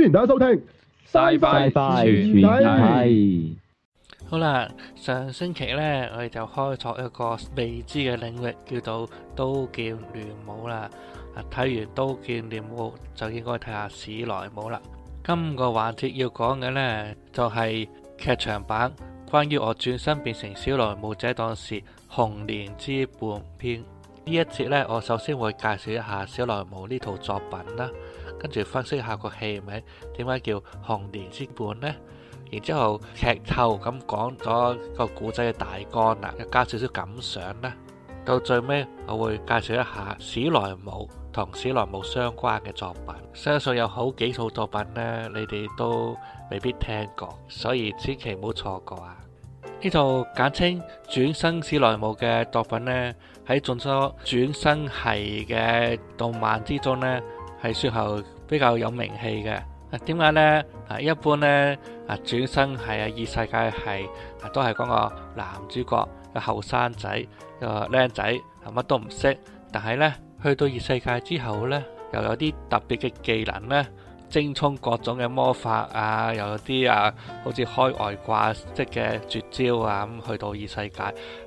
歡迎大家收聽，拜拜拜拜。好啦，上星期呢，我哋就開拓一個未知嘅領域，叫做刀劍亂舞啦。睇、啊、完刀劍亂舞就應該睇下史萊姆啦。今個環節要講嘅呢，就係、是、劇場版，關於我轉身變成史萊姆這檔事紅蓮之絆篇呢一節呢，我首先會介紹一下史萊姆呢套作品啦。跟住分析下個戲名，咪點解叫紅蓮之絆呢？然之後劇透咁講咗個古仔嘅大綱啦，又加少少感想啦。到最尾，我會介紹一下史萊姆同史萊姆相關嘅作品，相信有好幾套作品呢，你哋都未必聽過，所以千祈唔好錯過啊！呢套簡稱轉生史萊姆嘅作品呢，喺眾多轉生系嘅動漫之中呢。係說後比較有名氣嘅，啊點解呢？啊一般呢啊，轉生系啊，異世界系，啊都係嗰個男主角個後生仔，個靚仔，係乜都唔識，但係呢，去到異世界之後呢，又有啲特別嘅技能呢。精通各種嘅魔法啊，又有啲啊，好似開外掛式嘅絕招啊，咁去到異世界，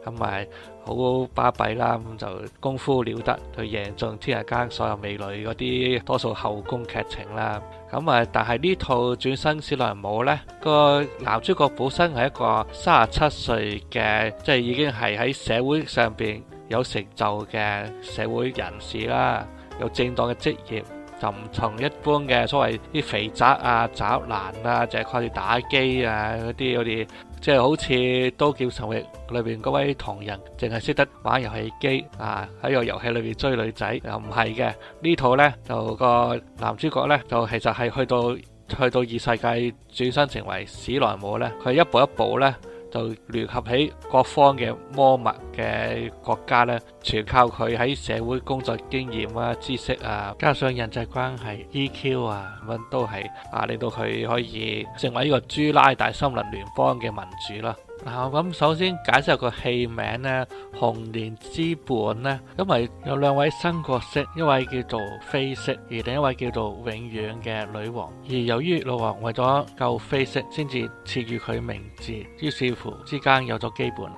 咁咪好巴閉啦，咁就功夫了得，去贏盡天下間所有美女嗰啲，多數後宮劇情啦。咁啊，但係呢套轉生史萊姆呢個男主角本身係一個三十七歲嘅，即係已經係喺社會上邊有成就嘅社會人士啦，有正當嘅職業。就唔同一般嘅所謂啲肥宅啊、宅男啊，淨係靠住打機啊嗰啲嗰啲，即係好似都叫神域裏邊嗰位桐人，淨係識得玩遊戲機啊，喺個遊戲裏邊追女仔又唔係嘅。呢套呢，就個男主角呢，就其實係去到去到異世界，轉生成為史萊姆呢。佢一步一步呢。就聯合起各方嘅魔物嘅國家咧，全靠佢喺社會工作經驗啊、知識啊，加上人際關係、EQ 啊咁樣都係啊，令到佢可以成為呢個朱拉大森林聯邦嘅民主啦。嗱，咁首先解釋個戲名咧，《紅蓮之絆》咧，因為有兩位新角色，一位叫做緋色，而另一位叫做永遠嘅女王。而由於老王為咗救緋色，先至賜予佢名字，於是乎之間有咗羈絆。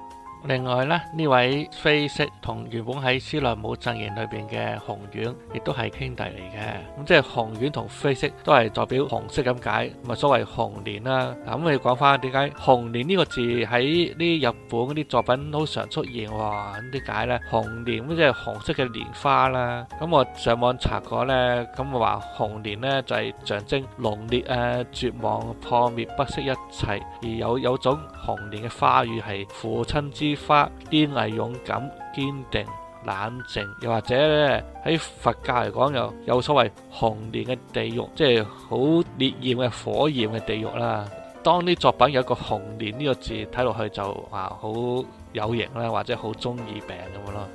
另外咧，呢位飛色同原本喺史萊姆陣營裏邊嘅紅丸亦都係兄弟嚟嘅。咁即係紅丸同飛色都係代表紅色咁解，咪所謂紅蓮啦。嗱，咁我講翻點解紅蓮呢個字喺啲日本嗰啲作品好常出現喎？點解咧？紅蓮即係紅色嘅蓮花啦。咁我上網查過咧，咁話紅蓮咧就係象徵濃烈、誒絕望、破滅、不惜一切，而有有種紅蓮嘅花語係父親之發堅毅、勇敢、堅定、冷靜，又或者咧喺佛教嚟講，又有，有所謂紅蓮嘅地獄，即係好烈焰嘅火焰嘅地獄啦。當啲作品有一個紅蓮呢個字睇落去就啊好有型啦，或者好中意病咁樣咯。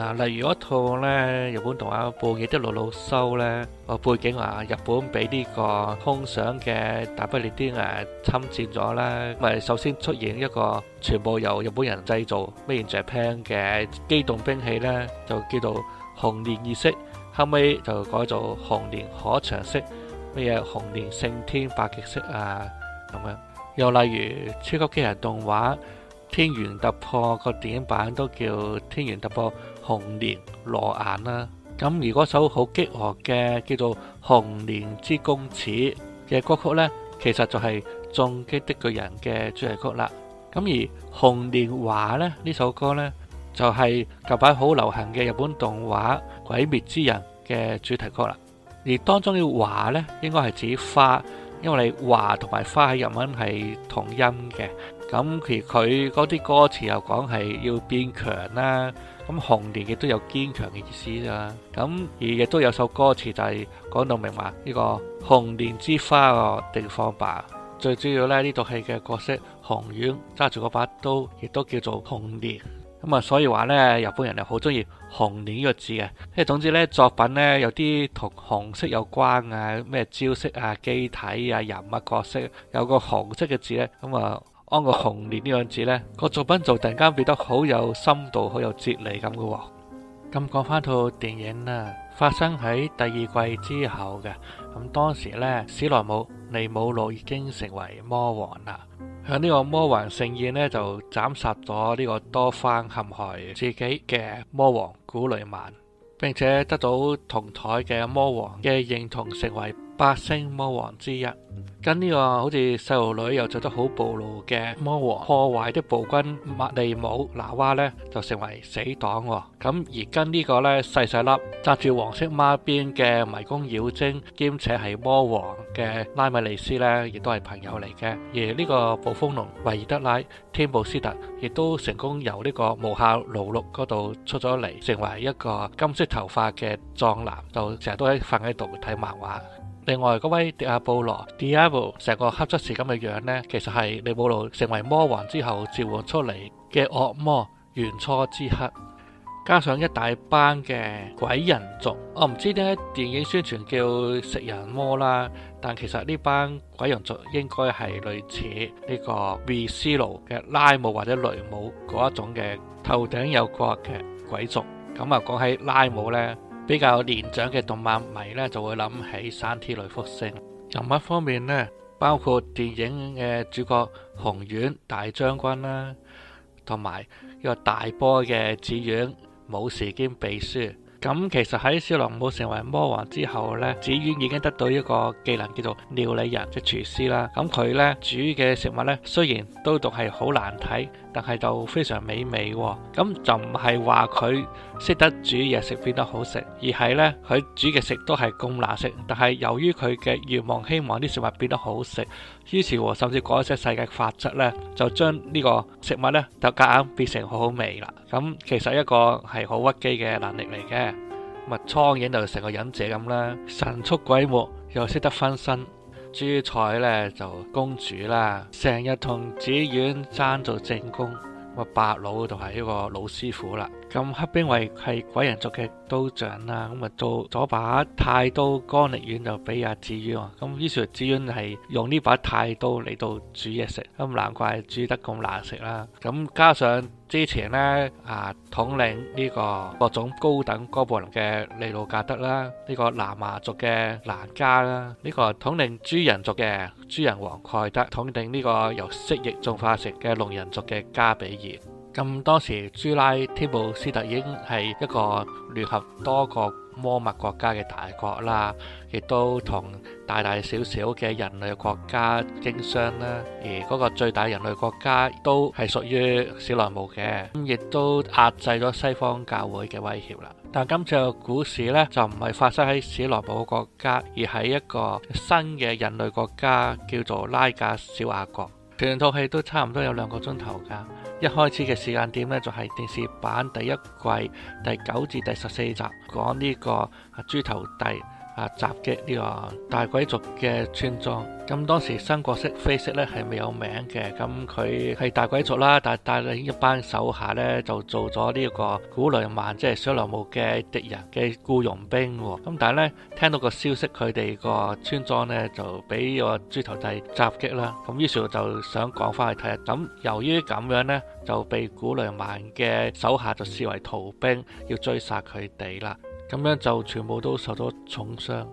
啊，例如嗰套咧日本動畫部《叛逆的魯魯修》咧個背景話日本俾呢個空想嘅大不列顛誒侵占咗啦，咪首先出現一個全部由日本人製造咩嘢 Japan 嘅機動兵器咧，就叫做紅蓮二式，後尾就改做紅蓮可翔式，咩嘢紅蓮聖天八極式啊咁樣。又例如超級機器人動畫《天元突破》個電影版都叫《天元突破》。紅蓮羅眼啦，咁而嗰首好激昂嘅叫做《紅蓮之弓矢》嘅歌曲咧，其實就係《進擊的巨人》嘅主題曲啦。咁而《紅蓮華》咧呢首歌咧，就係近排好流行嘅日本動畫《鬼滅之刃》嘅主題曲啦。而當中嘅華咧，應該係指花，因為你華同埋花喺日文係同音嘅。咁其佢嗰啲歌詞又講係要變強啦，咁紅蓮亦都有堅強嘅意思啊。咁而亦都有首歌詞就係講到明話呢個紅蓮之花個地方吧。最主要咧，呢套戲嘅角色紅丸揸住嗰把刀，亦都叫做紅蓮。咁啊，所以話呢，日本人又好中意紅蓮呢個字嘅。即係總之呢，作品呢有啲同紅色有關啊，咩招式啊、機體啊、人物角色有個紅色嘅字呢。咁啊。安個紅蓮呢樣子呢個作品就突然間變得好有深度、好有哲理咁噶。咁講翻套電影啦，發生喺第二季之後嘅。咁當時呢，史萊姆尼姆路已經成為魔王啦，喺呢個魔王盛宴呢，就斬殺咗呢個多番陷害自己嘅魔王古雷曼，並且得到同台嘅魔王嘅認同，成為。八星魔王之一，跟呢個好似細路女又做得好暴露嘅魔王破壞的暴君麥利姆拿娃呢，就成為死黨。咁而跟呢個呢細細粒紮住黃色孖辮嘅迷宮妖精兼且係魔王嘅拉米利斯呢，亦都係朋友嚟嘅。而呢個暴風龍維爾德拉天布斯特亦都成功由呢個無效牢獄嗰度出咗嚟，成為一個金色頭髮嘅壯男，就成日都喺瞓喺度睇漫畫。另外嗰位迪亞布羅 （Diablo） 成個黑執事咁嘅樣呢，其實係利姆魯成為魔王之後召喚出嚟嘅惡魔原初之黑，加上一大班嘅鬼人族。我、哦、唔知點解電影宣傳叫食人魔啦，但其實呢班鬼人族應該係類似呢個 Re:Zero 嘅拉姆或者雷姆嗰一種嘅頭頂有角嘅鬼族。咁啊，講起拉姆呢。比較年長嘅動漫迷咧，就會諗起《山 T 女福星》。人物方面咧，包括電影嘅主角紅丸大將軍啦，同埋一個大波嘅紫苑武士兼秘書。咁其實喺小狼母成為魔王之後呢，紫苑已經得到一個技能叫做料理人，即係廚師啦。咁佢呢，煮嘅食物呢，雖然都讀係好難睇，但係就非常美味喎、哦，咁就唔係話佢識得煮嘢食變得好食，而係呢，佢煮嘅食都係咁難食。但係由於佢嘅願望，希望啲食物變得好食，於是甚至改一啲世界法則呢，就將呢個食物呢，就夾硬變成好好味啦。咁其實一個係好屈機嘅能力嚟嘅，咪蒼蠅就成個忍者咁啦，神出鬼沒又識得翻身。朱菜咧就公主啦，成日同紫苑爭做正宮。咁啊，八佬就係一個老師傅啦。咁黑兵衛係鬼人族嘅刀匠啦，咁啊做咗把太刀，乾力丸就俾阿紫苑。咁於是紫苑係用呢把太刀嚟到煮嘢食，咁難怪煮得咁難食啦。咁加上。之前咧啊，統領呢個各種高等哥布林嘅利魯加德啦，呢個南亞族嘅蘭加啦，呢個統領豬人族嘅豬人王蓋德，統領呢個由蜥蜴種進化成嘅龍人族嘅加比爾。咁當時朱拉提布斯特已經係一個聯合多個魔物國家嘅大國啦，亦都同大大小小嘅人類國家經商啦。而嗰個最大人類國家都係屬於史萊姆嘅，咁亦都壓制咗西方教會嘅威脅啦。但今次嘅故事呢，就唔係發生喺史萊姆國家，而係一個新嘅人類國家叫做拉加小亞國。全套戲都差唔多有兩個鐘頭㗎。一開始嘅時間點咧，就係、是、電視版第一季第九至第十四集，講呢個豬豬頭帝。啊！襲擊呢個大鬼族嘅村莊，咁當時新角色飛色咧係未有名嘅，咁佢係大鬼族啦，但係帶領一班手下咧就做咗呢個古雷曼即係小羅姆嘅敵人嘅僱傭兵喎，咁但係咧聽到個消息，佢哋個村莊咧就俾個豬頭仔襲擊啦，咁於是我就想講翻去睇下。咁由於咁樣咧，就被古雷曼嘅手下就視為逃兵，要追殺佢哋啦。咁樣就全部都受咗重傷，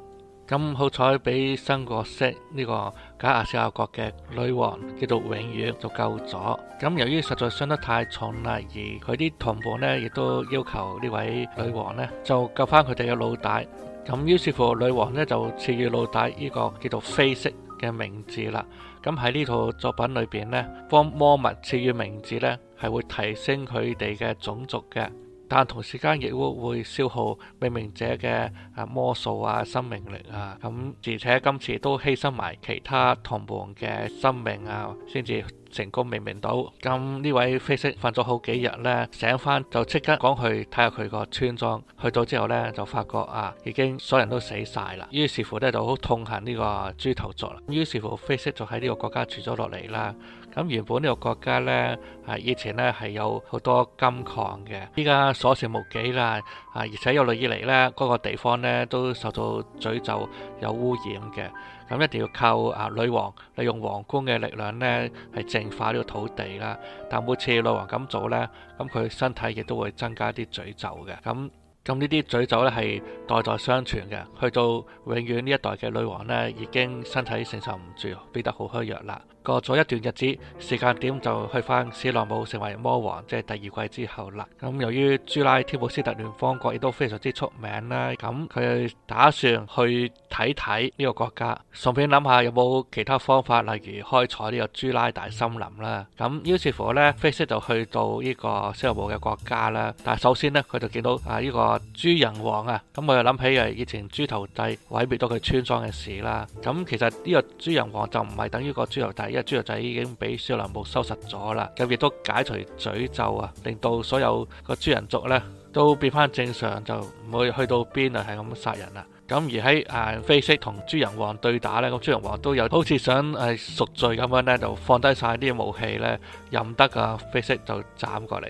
咁好彩俾新角色呢個假亞瑟國嘅女王叫做、這個、永遠就救咗。咁由於實在傷得太重啦，而佢啲同伴呢亦都要求呢位女王呢就救翻佢哋嘅老大。咁於是乎女王呢就賜予老大呢個叫做緋色嘅名字啦。咁喺呢套作品裏邊呢，幫魔物賜予名字呢係會提升佢哋嘅種族嘅。但同時間亦會消耗命名者嘅啊魔素啊生命力啊，咁而且今次都犧牲埋其他同伴嘅生命啊，先至成功命名到。咁呢位飛色瞓咗好幾日呢，醒翻就即刻趕去睇下佢個村莊。去到之後呢，就發覺啊，已經所有人都死晒啦。於是乎呢就好痛恨呢個豬頭族啦。於是乎飛色就喺呢個國家住咗落嚟啦。咁原本呢個國家呢，啊以前呢係有好多金礦嘅，依家所剩無幾啦，啊而且有耐以嚟呢，嗰個地方呢都受到詛咒，有污染嘅，咁一定要靠啊女王利用皇宮嘅力量呢，係淨化呢個土地啦。但每次女王咁做呢，咁佢身體亦都會增加啲詛咒嘅，咁。咁呢啲詛咒咧係代代相傳嘅，去到永遠呢一代嘅女王呢，已經身體承受唔住，變得好虛弱啦。過咗一段日子，時間點就去返史萊姆成為魔王，即係第二季之後啦。咁由於朱拉天普斯特聯邦國亦都非常之出名啦，咁佢打算去睇睇呢個國家，順便諗下有冇其他方法，例如開採呢個朱拉大森林啦。咁於是乎呢，飛色就去到呢個史萊姆嘅國家啦。但係首先呢，佢就見到啊、這、呢個。豬人王啊，咁我又諗起係以前豬頭弟毀滅咗佢村莊嘅事啦。咁其實呢個豬人王就唔係等於個豬頭弟，因為豬頭仔已經俾少林部收拾咗啦。咁亦都解除詛咒啊，令到所有個豬人族呢都變翻正常，就唔會去到邊度係咁殺人啊。咁而喺誒飛色同豬人王對打呢，咁豬人王都有好似想誒贖罪咁樣咧，就放低晒啲武器呢，任得個飛色就斬過嚟。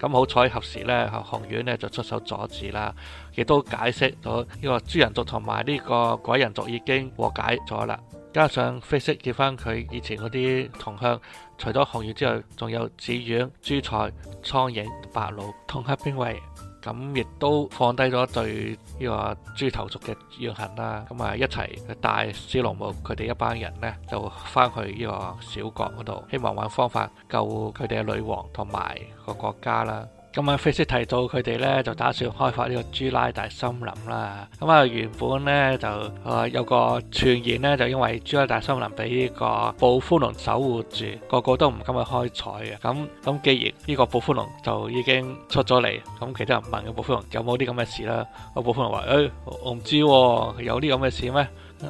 咁好彩，合時咧，紅丸咧就出手阻止啦，亦都解釋咗呢個豬人族同埋呢個鬼人族已經和解咗啦。加上飛色叫返佢以前嗰啲同鄉，除咗紅丸之外，仲有紫苑、朱菜、蒼影、白老同黑兵衛。咁亦都放低咗對呢個豬頭族嘅怨恨啦，咁啊一齊帶小羅姆佢哋一班人咧，就翻去呢個小國嗰度，希望揾方法救佢哋嘅女王同埋個國家啦。咁啊 Face 提到佢哋咧就打算開發呢個朱拉大森林啦。咁啊，原本咧就啊有個傳言咧，就因為朱拉大森林俾呢個暴風龍守護住，個個都唔敢去開採嘅。咁咁既然呢個暴風龍就已經出咗嚟，咁其他人問嘅暴風龍有冇啲咁嘅事啦？個暴風龍話，誒、哎，我唔知，哦，有啲咁嘅事咩？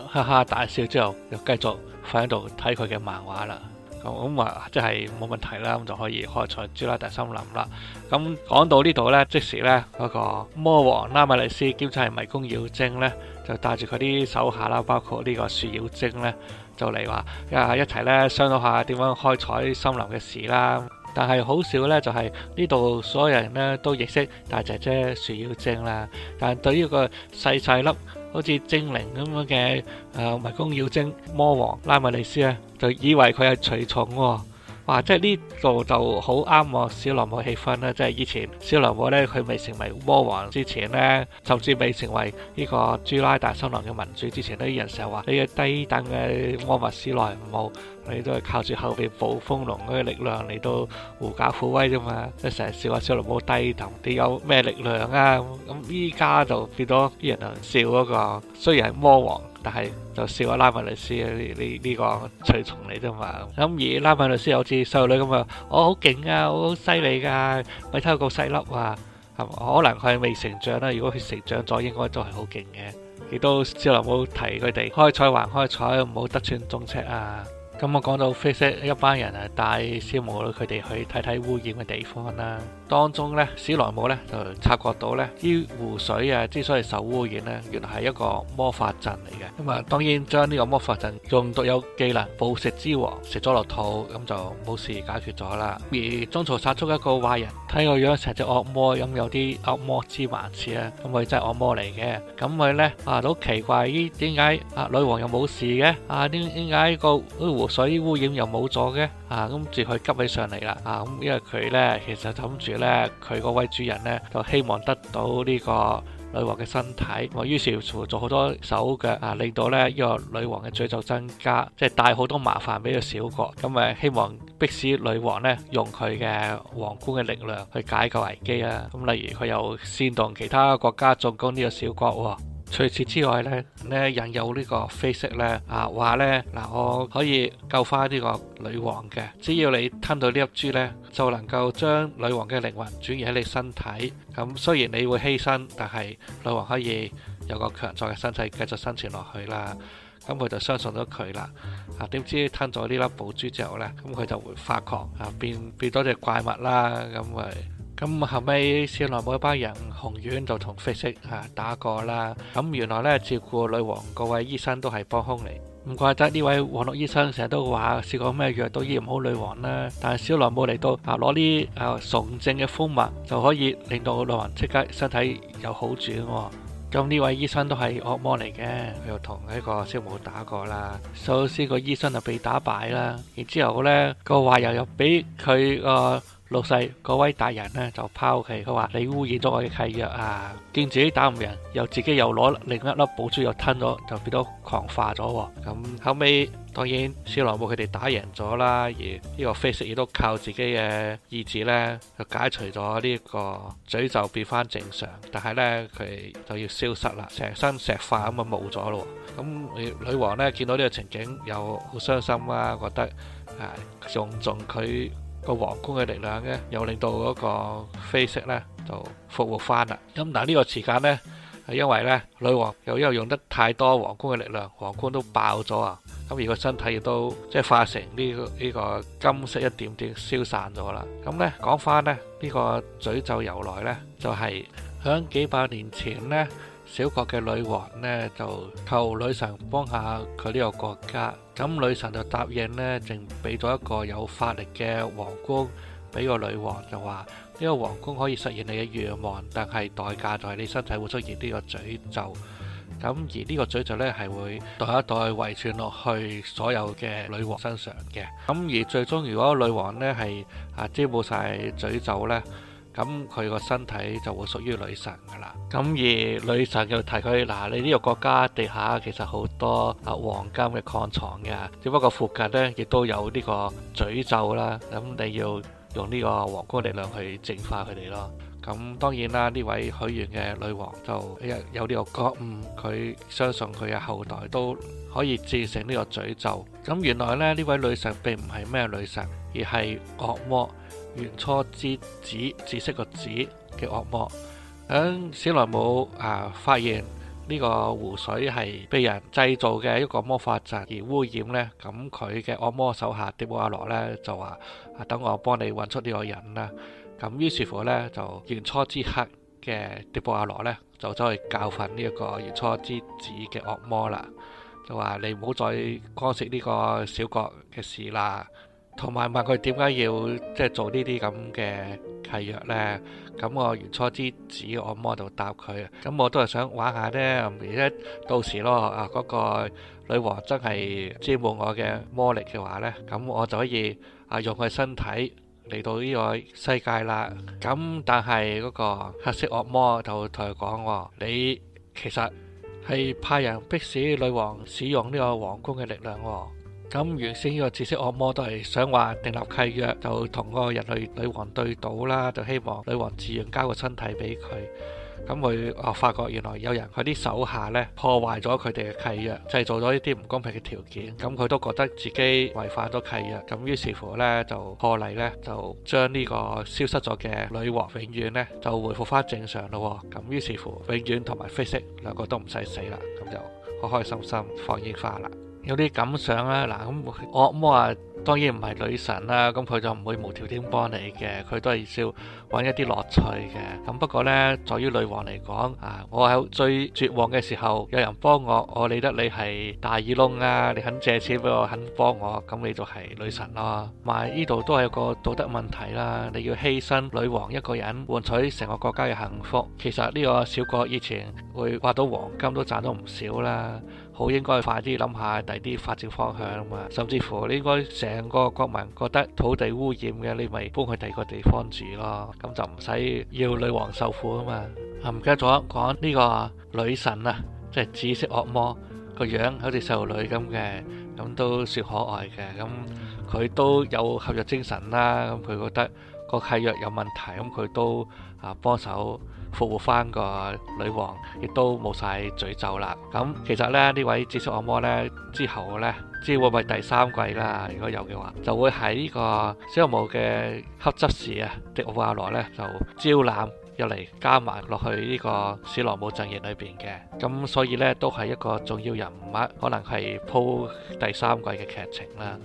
哈 哈大笑之後，就繼續瞓喺度睇佢嘅漫畫啦。咁啊，即係冇問題啦，咁就可以開採朱拉特森林啦。咁講到呢度呢，即時呢，嗰、那個魔王拉米里斯兼差迷宮妖精呢，就帶住佢啲手下啦，包括呢個樹妖精呢，就嚟話一齊呢，商量下點樣開採森林嘅事啦。但係好少咧，就係呢度所有人咧都認識大姐姐樹妖精啦。但對於個細細粒好似精靈咁樣嘅誒迷宮妖精魔王拉米莉絲咧，就以為佢係除蟲喎。哇！即係呢度就好啱我小羅姆嘅氣氛啦，即係以前小羅姆呢，佢未成為魔王之前呢，甚至未成為呢個朱拉大森林嘅盟主之前呢，啲人成日話你嘅低等嘅魔物史萊姆，你都係靠住後邊暴風龍嘅力量嚟到狐假虎威啫嘛，即係成日笑話小羅姆低等，你有咩力量啊？咁依家就變咗啲人笑嗰個雖然係魔王。但係就笑下拉米莉絲呢呢呢個，隨從嚟啫嘛。咁而拉米莉絲好似細路女咁啊，我好勁啊，我好犀利噶咪，睇個細粒啊係、嗯、可能佢未成長啦，如果佢成長咗應該都係好勁嘅。亦都只能冇提佢哋開彩還開彩，唔好得寸進尺啊！咁我講到啡色一班人啊，帶小魔女佢哋去睇睇污染嘅地方啦。當中咧，史萊姆咧就察覺到咧，啲湖水啊之所以受污染咧，原來係一個魔法陣嚟嘅。咁啊，當然將呢個魔法陣用獨有技能暴食之王食咗落肚，咁就冇事解決咗啦。而中途殺出一個壞人，睇個樣成隻惡魔，咁有啲惡魔之環似啊，咁佢真係惡魔嚟嘅。咁佢咧啊，都好奇怪，咦點解啊女王又冇事嘅？啊，點點解個湖？所以污染又冇咗嘅？啊，咁住佢急起上嚟啦，啊，咁因為佢咧，其實諗住咧，佢嗰位主人咧，就希望得到呢個女王嘅身體，我於是乎做好多手腳啊，令到咧呢個女王嘅罪就增加，即係帶好多麻煩俾個小國，咁、啊、誒希望逼使女王咧用佢嘅皇冠嘅力量去解救危機啊。咁、啊、例如佢又煽動其他國家進攻呢個小國。啊除此之外咧，咧引誘呢個飛色咧啊，話咧嗱，我可以救翻呢個女王嘅，只要你吞到呢粒珠咧，就能夠將女王嘅靈魂轉移喺你身體。咁雖然你會犧牲，但係女王可以有個強壯嘅身體繼續生存落去啦。咁佢就相信咗佢啦。啊，點知吞咗呢粒寶珠之後咧，咁佢就會發狂啊，變變咗隻怪物啦咁咪。咁後尾，史萊姆一班人紅丸就同 face 吓打過啦，咁原來呢，照顧女王嗰位醫生都係幫凶嚟，唔怪得呢位黃綠醫生成日都話試過咩藥都醫唔好女王啦，但係史萊姆嚟到啊攞啲啊崇正嘅蜂蜜就可以令到女王即刻身體有好轉，咁、啊、呢位醫生都係惡魔嚟嘅，佢又同呢個小母打過啦，首先個醫生就被打敗啦，然之後呢個話又又俾佢個。啊老世嗰位大人咧就拋棄佢話你污染咗我嘅契約啊！見自己打唔贏，又自己又攞另一粒寶珠又吞咗，就變咗狂化咗。咁後尾當然小羅布佢哋打贏咗啦，而呢個飛石亦都靠自己嘅意志咧，就解除咗呢個詛咒，變翻正常。但係咧佢就要消失啦，成身石化咁就冇咗咯。咁女王咧見到呢個情景又好傷心啦，覺得啊仲仲佢。個皇冠嘅力量咧，又令到嗰個啡色咧就復活翻啦。咁但係呢個時間咧，係因為咧女王又因為用得太多皇冠嘅力量，皇冠都爆咗啊。咁而個身體亦都即係化成呢個呢個金色一點點消散咗啦。咁咧講翻咧呢個詛咒由來咧，就係喺幾百年前咧。小國嘅女王呢，就求女神幫下佢呢個國家，咁女神就答應呢，淨俾咗一個有法力嘅皇冠俾個女王就，就話呢個皇冠可以實現你嘅願望，但係代價就係你身體會出現呢個詛咒，咁而呢個詛咒呢，係會代一代遺傳落去所有嘅女王身上嘅，咁而最終如果女王呢係啊遮冇曬詛咒呢？咁佢個身體就會屬於女神噶啦。咁而女神又提佢嗱，你呢個國家地下其實好多啊黃金嘅礦藏嘅，只不過附近呢亦都有呢個詛咒啦。咁你要用呢個黃金力量去淨化佢哋咯。咁當然啦，呢位許願嘅女王就有有呢個覺悟，佢相信佢嘅後代都可以戰勝呢個詛咒。咁原來咧呢位女神並唔係咩女神，而係惡魔。原初之子，紫色個子嘅惡魔，響、嗯、史萊姆啊，發現呢個湖水係被人製造嘅一個魔法陣而污染呢，咁佢嘅惡魔手下迪布阿洛呢，就話：啊，等我幫你揾出呢個人啦。咁、啊、於是乎呢，就原初之黑嘅迪布阿洛呢，就走去教訓呢一個原初之子嘅惡魔啦，就話你唔好再干涉呢個小國嘅事啦。同埋問佢點解要即係做呢啲咁嘅契約呢？咁我原初之紫惡魔就答佢，咁我都係想玩下啫，而且到時咯啊，嗰個女王真係支援我嘅魔力嘅話呢，咁我就可以啊用佢身體嚟到呢個世界啦。咁但係嗰個黑色惡魔就同佢講喎，你其實係派人逼使女王使用呢個皇宮嘅力量喎。咁原先呢個紫色惡魔都係想話訂立契約，就同嗰個人類女王對賭啦，就希望女王自願交個身體俾佢。咁佢啊發覺原來有人佢啲手下呢破壞咗佢哋嘅契約，製造咗一啲唔公平嘅條件。咁佢都覺得自己違反咗契約。咁於是乎呢，就破例呢，就將呢個消失咗嘅女王永遠呢，就回復翻正常咯。咁於是乎，永遠同埋飛色兩個都唔使死啦。咁就開開心心放煙花啦。有啲感想啦，嗱咁惡魔啊，當然唔係女神啦，咁佢就唔會無條件幫你嘅，佢都係要揾一啲樂趣嘅。咁不過呢，在於女王嚟講啊，我喺最絕望嘅時候有人幫我，我理得你係大耳窿啊，你肯借錢俾我，肯幫我，咁你就係女神咯。埋呢度都係個道德問題啦，你要犧牲女王一個人換取成個國家嘅幸福。其實呢個小國以前會挖到黃金都賺咗唔少啦。好應該快啲諗下第啲發展方向啊嘛，甚至乎你應該成個國民覺得土地污染嘅，你咪搬去第二個地方住咯，咁就唔使要女王受苦啊嘛。啊，唔記得咗講呢個女神啊，即係紫色惡魔個樣好似細路女咁嘅，咁都算可愛嘅，咁佢都有合約精神啦，咁佢覺得個契約有問題，咁佢都啊幫手復活翻個女王，亦都冇晒詛咒啦。咁其實咧呢位紫色惡魔咧之後咧，知會唔會第三季啦？如果有嘅話，就會喺呢個史萊姆嘅黑執事啊迪奧瓦羅咧就招攬入嚟，加埋落去呢個史萊姆陣營裏邊嘅。咁所以咧都係一個重要人物，可能係鋪第三季嘅劇情啦。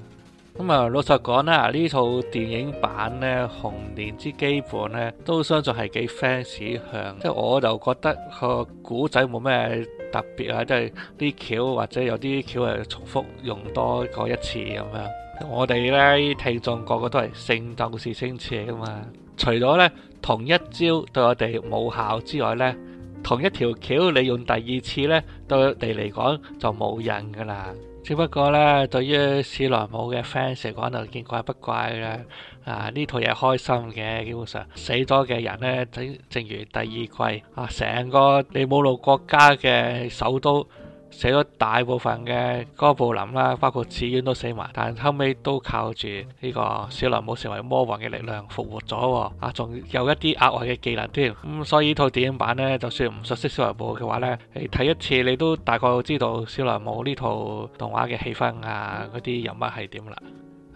咁啊，老實講啦，呢套電影版咧《紅蓮之絆篇》咧，都相信係幾 fans 向，即係我就覺得個古仔冇咩特別啊，即係啲橋或者有啲橋係重複用多過一次咁樣。我哋咧聽眾個個都係聖鬥士星矢噶嘛，除咗咧同一招對我哋冇效之外咧，同一條橋你用第二次咧，對我哋嚟講就冇癮噶啦。只不過咧，對於史萊姆嘅 fans 嚟講就見怪不怪啦。啊，呢套嘢開心嘅，基本上死咗嘅人咧，正正如第二季啊，成個利姆路國家嘅首都。死咗大部分嘅哥布林啦，包括寺院都死埋，但後尾都靠住呢個史萊姆成為魔王嘅力量復活咗，啊仲有一啲額外嘅技能添，咁、嗯、所以套電影版呢，就算唔熟悉史萊姆嘅話呢，你睇一次你都大概知道史萊姆呢套動畫嘅氣氛啊，嗰啲人物係點啦。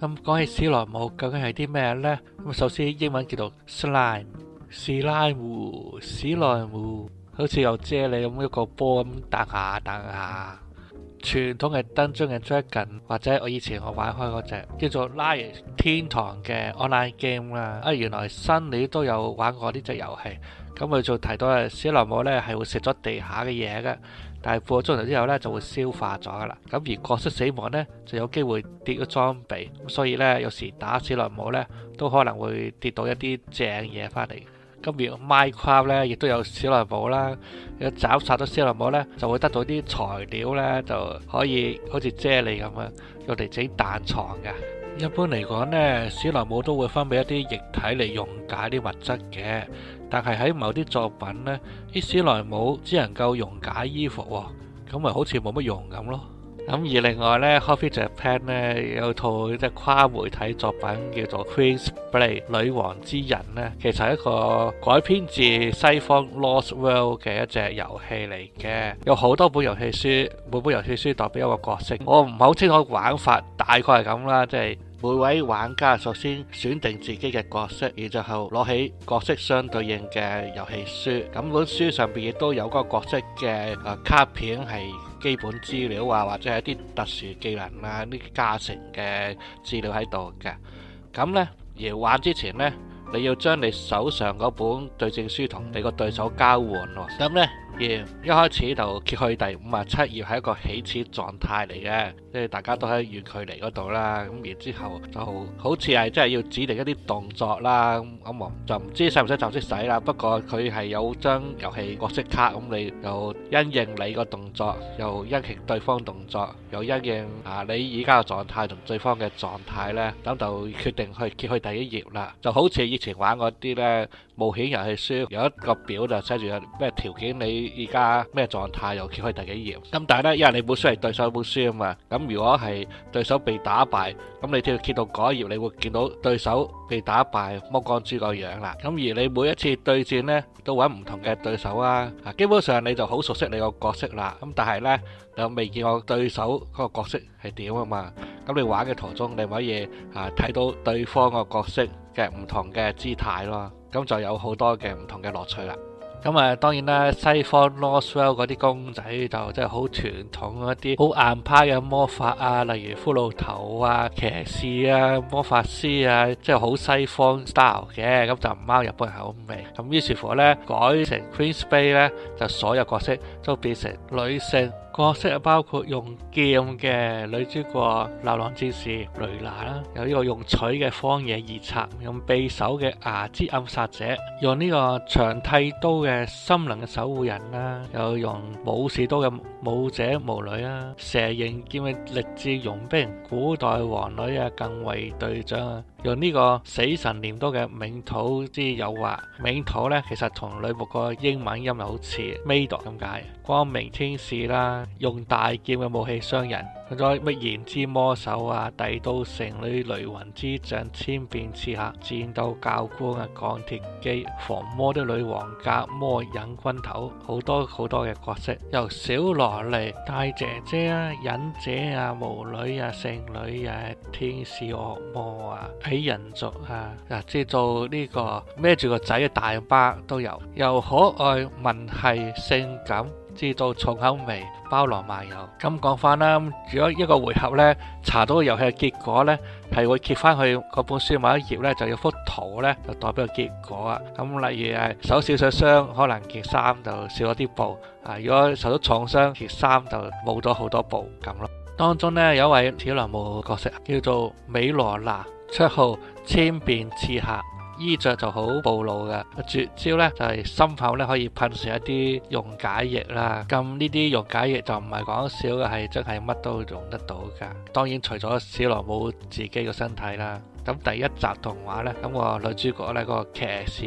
咁講、嗯、起史萊姆究竟係啲咩呢？咁首先英文叫做 slime，史萊姆，史萊姆。好似又啫喱咁一個波咁彈下彈下，傳統嘅《Dungeon Dragon》或者我以前我玩開嗰隻叫做《Light 天堂》嘅 online game 啦。啊，原來 Sunny 都有玩過呢隻遊戲。咁佢就提到史萊姆呢係會食咗地下嘅嘢嘅，但係過咗鐘頭之後呢就會消化咗噶啦。咁而角色死亡呢，就有機會跌咗裝備，所以呢，有時打史萊姆呢都可能會跌到一啲正嘢翻嚟。咁而 Minecraft 咧，亦都有史萊姆啦。你斬殺咗史萊姆咧，就會得到啲材料咧，就可以好似啫喱咁樣用嚟整彈牀嘅。一般嚟講咧，史萊姆都會分泌一啲液體嚟溶解啲物質嘅。但係喺某啲作品咧，啲史萊姆只能夠溶解衣服喎，咁咪好似冇乜用咁咯。咁而另外咧，Coffee Japan 咧有套即係跨媒體作品叫做 Queen《Queen's Blade》女王之刃咧，其實係一個改編自西方 Lost World 嘅一隻遊戲嚟嘅。有好多本遊戲書，每本遊戲書代表一個角色。我唔係好清楚玩法，大概係咁啦，即係每位玩家首先選定自己嘅角色，然之後攞起角色相對應嘅遊戲書。咁本書上邊亦都有嗰個角色嘅誒、呃、卡片係基本資料啊，或者係一啲特殊技能啊，呢啲加成嘅資料喺度嘅。咁呢，而玩之前呢，你要將你手上嗰本對證書同你個對手交換喎。咁呢、嗯，要一開始就揭去第五啊七頁，係一個起始狀態嚟嘅。即係大家都喺遠距離嗰度啦，咁然之後就好好似係即係要指定一啲動作啦，咁我就唔知使唔使就即洗啦。不過佢係有張遊戲角色卡，咁你又因應你個動作，又因應對方動作，又因應啊你而家嘅狀態同對方嘅狀態呢，咁就決定去揭開第一頁啦。就好似以前玩嗰啲呢冒險遊戲書，有一個表就寫住咩條件，你而家咩狀態又揭開第幾頁。咁但係呢，因為你本書係對手本書啊嘛，咁。如果係對手被打敗，咁你跳揭到嗰一頁，你會見到對手被打敗剝光豬個樣啦。咁而你每一次對戰呢，都搵唔同嘅對手啊。啊，基本上你就好熟悉你個角色啦。咁但係呢，你又未見過對手嗰個角色係點啊嘛。咁你玩嘅途中，你可以啊睇到對方個角色嘅唔同嘅姿態咯。咁就有好多嘅唔同嘅樂趣啦。咁啊，當然啦，西方 Lost World 嗰啲公仔就真係好傳統嗰啲好硬派嘅魔法啊，例如骷髏頭啊、騎士啊、魔法師啊，即係好西方 style 嘅，咁就唔啱日本人口味。咁於是乎咧，改成 Queen's Blade 咧，就所有角色都變成女性。角色包括用劍嘅女主角流浪戰士蕾娜，有呢個用錘嘅荒野義賊，用匕首嘅牙之暗殺者，用呢個長剃刀嘅森林嘅守護人啦，有用武士刀嘅武者巫女啦，蛇形劍嘅力之傭兵，古代王女啊，近衛隊長用呢個死神念多嘅冥土之誘惑，冥土呢，其實同裏面個英文音又好似 maid 咁解。光明天使啦，用大劍嘅武器傷人，用咗乜炎之魔手啊、帝都聖女雷雲之將、千變刺客、戰鬥教官啊、鋼鐵機防魔的女王甲、魔隱軍頭，好多好多嘅角色，由小羅莉、大姐姐啊、忍者啊、巫女啊、聖女啊、天使惡魔啊。俾人做啊！嗱，知道呢個孭住個仔嘅大巴都有，又可愛、文氣、性感，知道重口味、包羅萬有。咁講翻啦，如果一個回合呢查到個遊戲嘅結果呢，係會揭翻去嗰本書某一頁呢，就有幅圖呢，就代表個結果啊。咁、嗯、例如係受少少傷，可能件衫就少咗啲布啊；如果受咗創傷，件衫就冇咗好多布咁咯。當中呢，有一位史萊姆角色叫做美羅娜。七號千變刺客，衣着就好暴露噶。絕招呢就係、是、心口咧可以噴射一啲溶解液啦。咁呢啲溶解液就唔係講笑嘅，係真係乜都溶得到噶。當然除咗小羅姆自己個身體啦。咁第一集動畫呢，咁、那個女主角呢、那個騎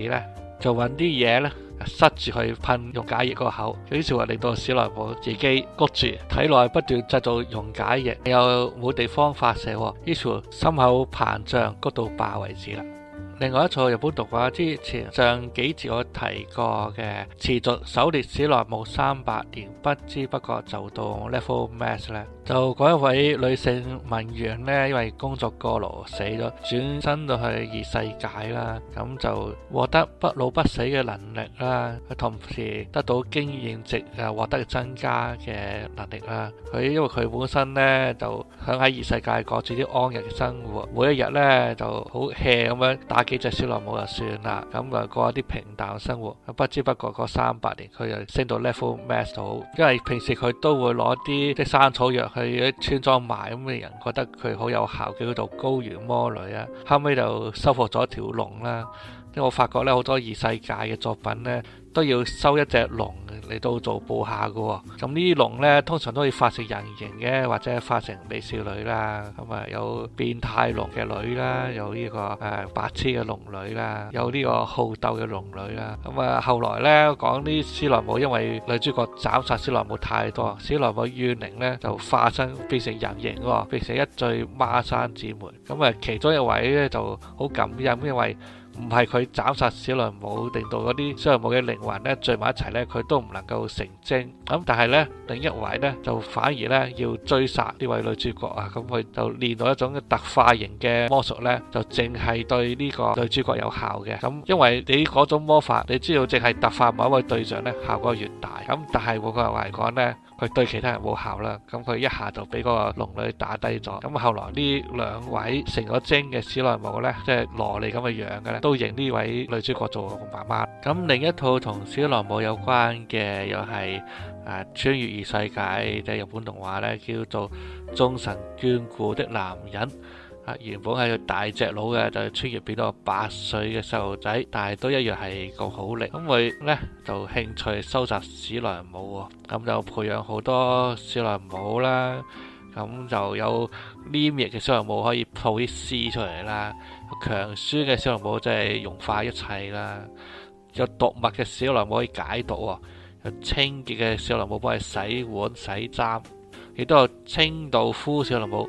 士呢。就揾啲嘢咧塞住去噴溶解液個口，於是乎令到史萊姆自己焗住，體內不斷製造溶解液，又冇地方發射，於是心口膨脹焗到爆為止。另外一套日本讀嘅，之前上幾次我提過嘅，持續狩獵史萊姆三百年，不知不覺就到 Level MAX 咧。就嗰一位女性文員咧，因為工作過勞死咗，轉身到去異世界啦。咁就獲得不老不死嘅能力啦，佢同時得到經驗值啊，獲得增加嘅能力啦。佢因為佢本身咧就響喺異世界過住啲安逸嘅生活，每一日咧就好 hea 咁樣打。幾隻小內幕就算啦，咁啊過一啲平淡生活，不知不覺嗰三百年佢又升到 level master，因為平時佢都會攞啲即係生草藥去啲村莊賣，咁嘅人覺得佢好有效，嘅。叫做高原魔女啊。後尾就收服咗條龍啦。因為我發覺咧，好多異世界嘅作品咧。都要收一隻龍嚟到做部下嘅、哦，咁呢啲龍呢，通常都可以化成人形嘅，或者化成美少女啦，咁啊有變態龍嘅女啦，有呢、這個誒、呃、白痴嘅龍女啦，有呢個好鬥嘅龍女啦，咁啊後來呢，講啲史萊姆，因為女主角斬殺史萊姆太多，史萊姆怨靈呢就化身變成人形，變成一對孖生姊妹，咁啊其中一位呢，就好感恩，因為。唔係佢斬殺小狼母，令到嗰啲小狼母嘅靈魂咧聚埋一齊咧，佢都唔能夠成精。咁但係咧，另一位咧就反而咧要追殺呢位女主角啊。咁佢就練到一種嘅特化型嘅魔術咧，就淨係對呢個女主角有效嘅。咁因為你嗰種魔法，你知道淨係特化某一位對象咧，效果越大。咁但係我個人嚟講咧。佢對其他人冇效啦，咁佢一下就俾嗰個龍女打低咗。咁後來呢兩位成咗精嘅史萊姆呢，即係蘿莉咁嘅樣嘅咧，都認呢位女主角做個媽媽。咁另一套同史萊姆有關嘅，又係啊穿越異世界嘅日本動畫呢，叫做《眾神眷顧的男人》。原本係個大隻佬嘅，就穿、是、越變到八歲嘅細路仔，但係都一樣係個好力。咁佢呢，就興趣收集史萊姆喎，咁、嗯、就培養好多史萊姆啦。咁、嗯、就有黏液嘅史萊姆可以吐啲絲出嚟啦。強酸嘅史萊姆真係融化一切啦。有毒物嘅史萊姆可以解毒喎。有清潔嘅史萊姆幫佢洗碗洗衫，亦都有清道夫史萊姆。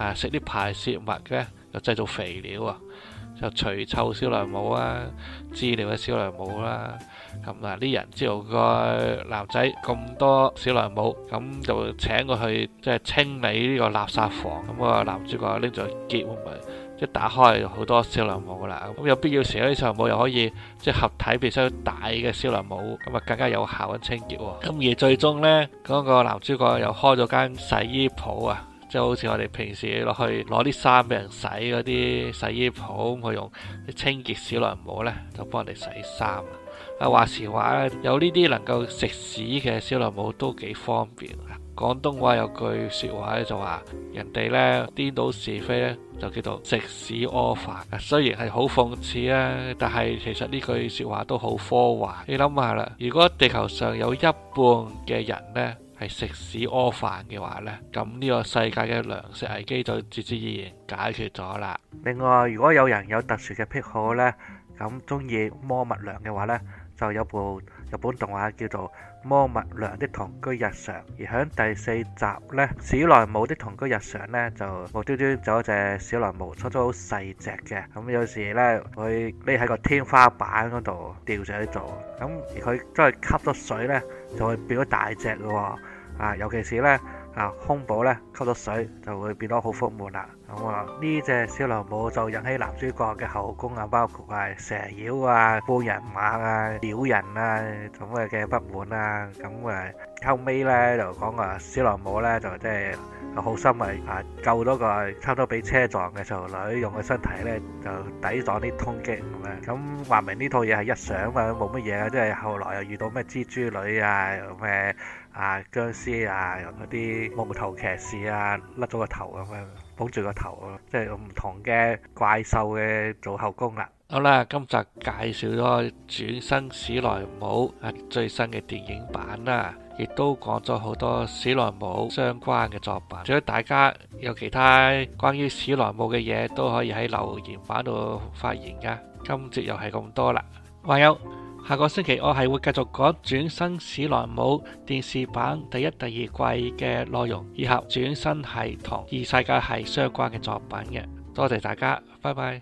啊！食啲排泄物咧，就製造肥料啊，就除臭史萊姆啊，治療嘅史萊姆啦。咁嗱，啲人知道個男仔咁多史萊姆，咁就請佢去即係清理呢個垃圾房。咁個男主角拎住個夾，咪即係打開好多史萊姆噶啦。咁有必要時呢啲史萊姆又可以即係合體變身大嘅史萊姆，咁啊更加有效咁清潔。咁而最終咧，嗰個男主角又開咗間洗衣鋪啊！即好似我哋平時落去攞啲衫俾人洗嗰啲洗衣鋪，佢用清潔史萊姆呢，就幫人哋洗衫。啊話時話咧，有呢啲能夠食屎嘅史萊姆都幾方便。廣東話有句説話咧，就話人哋呢，顛倒是非呢，就叫做食屎屙飯。雖然係好諷刺啊，但係其實呢句説話都好科幻。你諗下啦，如果地球上有一半嘅人呢，係食屎屙飯嘅話呢，咁呢個世界嘅糧食危機就自自然然解決咗啦。另外，如果有人有特殊嘅癖好呢，咁中意魔物娘嘅話呢，就有部日本動畫叫做《魔物娘的同居日常》，而喺第四集呢，《史萊姆的同居日常》呢，就無端端走咗隻小萊姆，出咗好細隻嘅，咁有時呢，佢匿喺個天花板嗰度吊住喺度，咁佢都係吸咗水呢，就會變咗大隻嘅喎。啊，尤其是咧，啊，胸部咧吸咗水，就會變得好豐滿啦。咁啊，呢隻史萊姆就引起男主角嘅後宮啊，包括係蛇妖啊、半人馬啊、鳥人啊咁嘅嘅不滿啦。咁啊，後尾咧就講啊，史萊姆咧就真係好心為啊，救咗個差唔多俾車撞嘅少女，用佢身體咧就抵擋啲衝擊咁樣。咁話明呢套嘢係日常啊，冇乜嘢啊，即係後來又遇到咩蜘蛛女啊，咩？啊，僵屍啊，有嗰啲無頭騎士啊，甩咗個頭咁樣，捧住個頭咯，即係唔同嘅怪獸嘅做後宮啦。好啦，今集介紹咗轉生史萊姆啊最新嘅電影版啦，亦都講咗好多史萊姆相關嘅作品。如果大家有其他關於史萊姆嘅嘢，都可以喺留言板度發言噶。今集又係咁多啦，還有。下個星期我係會繼續講《轉生史萊姆》電視版第一、第二季嘅內容，以及《轉生系》同《異世界系》相關嘅作品嘅。多謝大家，拜拜。